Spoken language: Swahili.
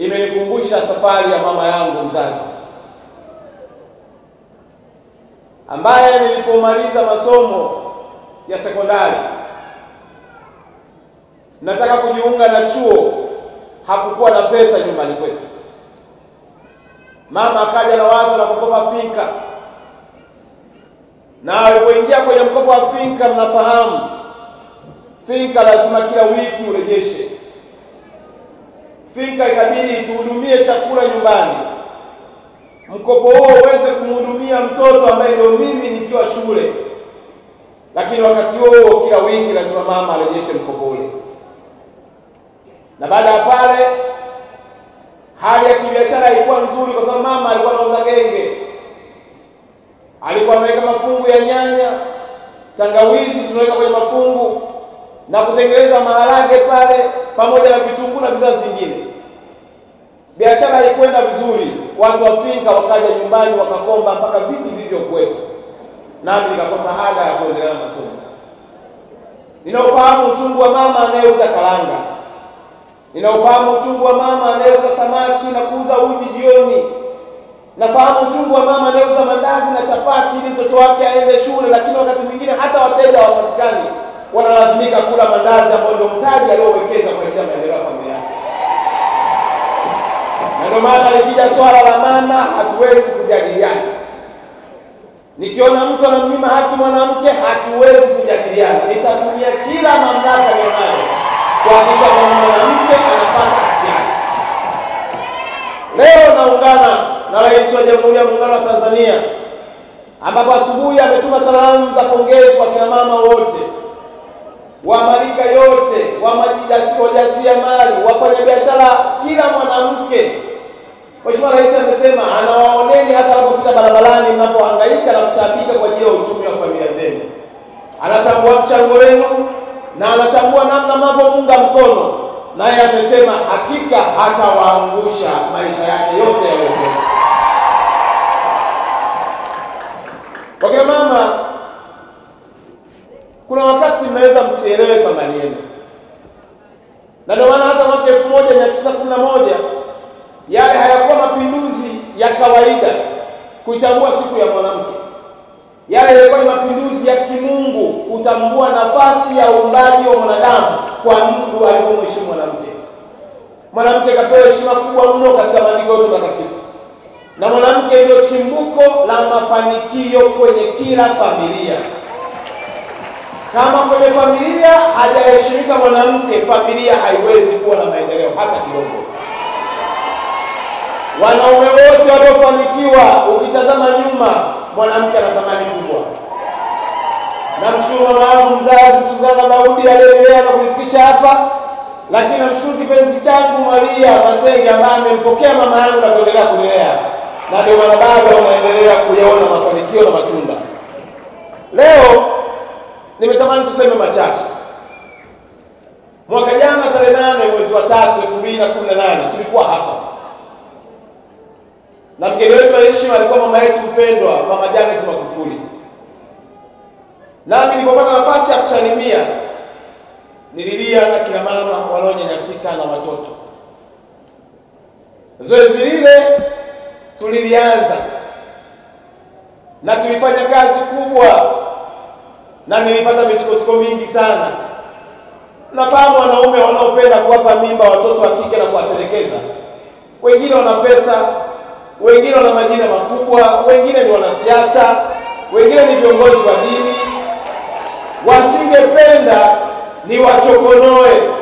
imenikumbusha safari ya mama yangu mzazi ambaye nilipomaliza masomo ya sekondari nataka kujiunga na chuo, hakukuwa na pesa nyumbani kwetu. Mama akaja na wazo la kukopa finka, na alipoingia kwenye mkopo wa finka, mnafahamu finka lazima kila wiki urejeshe Finka ikabidi ituhudumie chakula nyumbani, mkopo huo uweze kumhudumia mtoto ambaye ndio mimi nikiwa shule, lakini wakati huo kila wiki lazima mama arejeshe mkopo ule. Na baada ya pale hali ya kibiashara haikuwa nzuri, kwa sababu mama alikuwa anauza genge, alikuwa anaweka mafungu ya nyanya, tangawizi tunaweka kwenye mafungu na kutengeneza maharage pale pamoja na vitunguu na bidhaa zingine. Biashara haikwenda vizuri, watu wafinga wakaja nyumbani wakakomba mpaka viti vilivyokuwepo, nami nikakosa hada ya kuendelea na masomo. Ninaofahamu uchungu wa mama anayeuza karanga, ninaofahamu uchungu wa mama anayeuza samaki na kuuza uji jioni, nafahamu uchungu wa mama anayeuza mandazi na chapati ili mtoto wake aende shule, lakini wakati mwingine hata wateja hawapatikani, wanalazimika kula mandazi ambayo ndio mtaji aliowekeza kwa ajili ya maendeleo ya familia maana likija swala la mana hatuwezi kujadiliana. Nikiona mtu anamnyima haki mwanamke, hatuwezi kujadiliana. Nitatumia kila mamlaka ninayo kuhakikisha kwamba mwanamke anapata haki yake. Leo naungana na Rais wa Jamhuri ya Muungano wa Tanzania ambapo asubuhi ametuma salamu za pongezi kwa kina mama wote wa marika yote, wa mali wafanyabiashara, kila mwanamke Mheshimiwa Rais amesema anawaoneni hata anapopita barabarani mnapohangaika na kutaabika kwa ajili ya uchumi wa familia zenu. Anatambua mchango wenu na anatambua namna mnavyounga mkono, naye amesema hakika hatawaangusha maisha yake yote yaliyopo. Wakina mama, kuna wakati mnaweza msielewe thamani yenu, na ndio maana hata mwaka elfu moja mia tisa kumi na moja yale ya kawaida kuitambua siku ya mwanamke. Yale yalikuwa ni mapinduzi ya kimungu kutambua nafasi ya uumbaji wa mwanadamu kwa Mungu alipomheshimu mwanamke. Mwanamke kapewa heshima kubwa mno katika maandiko yote takatifu, na mwanamke ndio chimbuko la mafanikio kwenye kila familia. Kama kwenye familia hajaheshimika mwanamke, familia haiwezi kuwa na maendeleo hata kidogo. Wanaume wote waliofanikiwa, ukitazama nyuma, mwanamke ana thamani kubwa. Namshukuru mama yangu mzazi Suzana Daudi aliyelea na kunifikisha hapa, lakini namshukuru kipenzi changu Maria Masenge ambaye amempokea mama yangu na kuendelea kulea, na ndio maana bado kuyaona mafanikio na matunda. Leo nimetamani tuseme machache. Mwaka jana tarehe nane mwezi wa tatu elfu mbili na kumi na nane tulikuwa hapa na mgeni wetu wa heshima alikuwa mama yetu mpendwa, Mama Janet Magufuli. Nami nilipopata nafasi ya kusalimia, nililia na kina mama wanaonyanyasika na watoto. Zoezi lile tulilianza na tulifanya kazi kubwa, na nilipata misukosuko mingi sana. Nafahamu wanaume wanaopenda kuwapa mimba watoto wa kike na kuwatelekeza, wengine wana pesa wengine wana majina makubwa, wengine ni wanasiasa, wengine ni viongozi wa dini. Wasingependa ni wachokonoe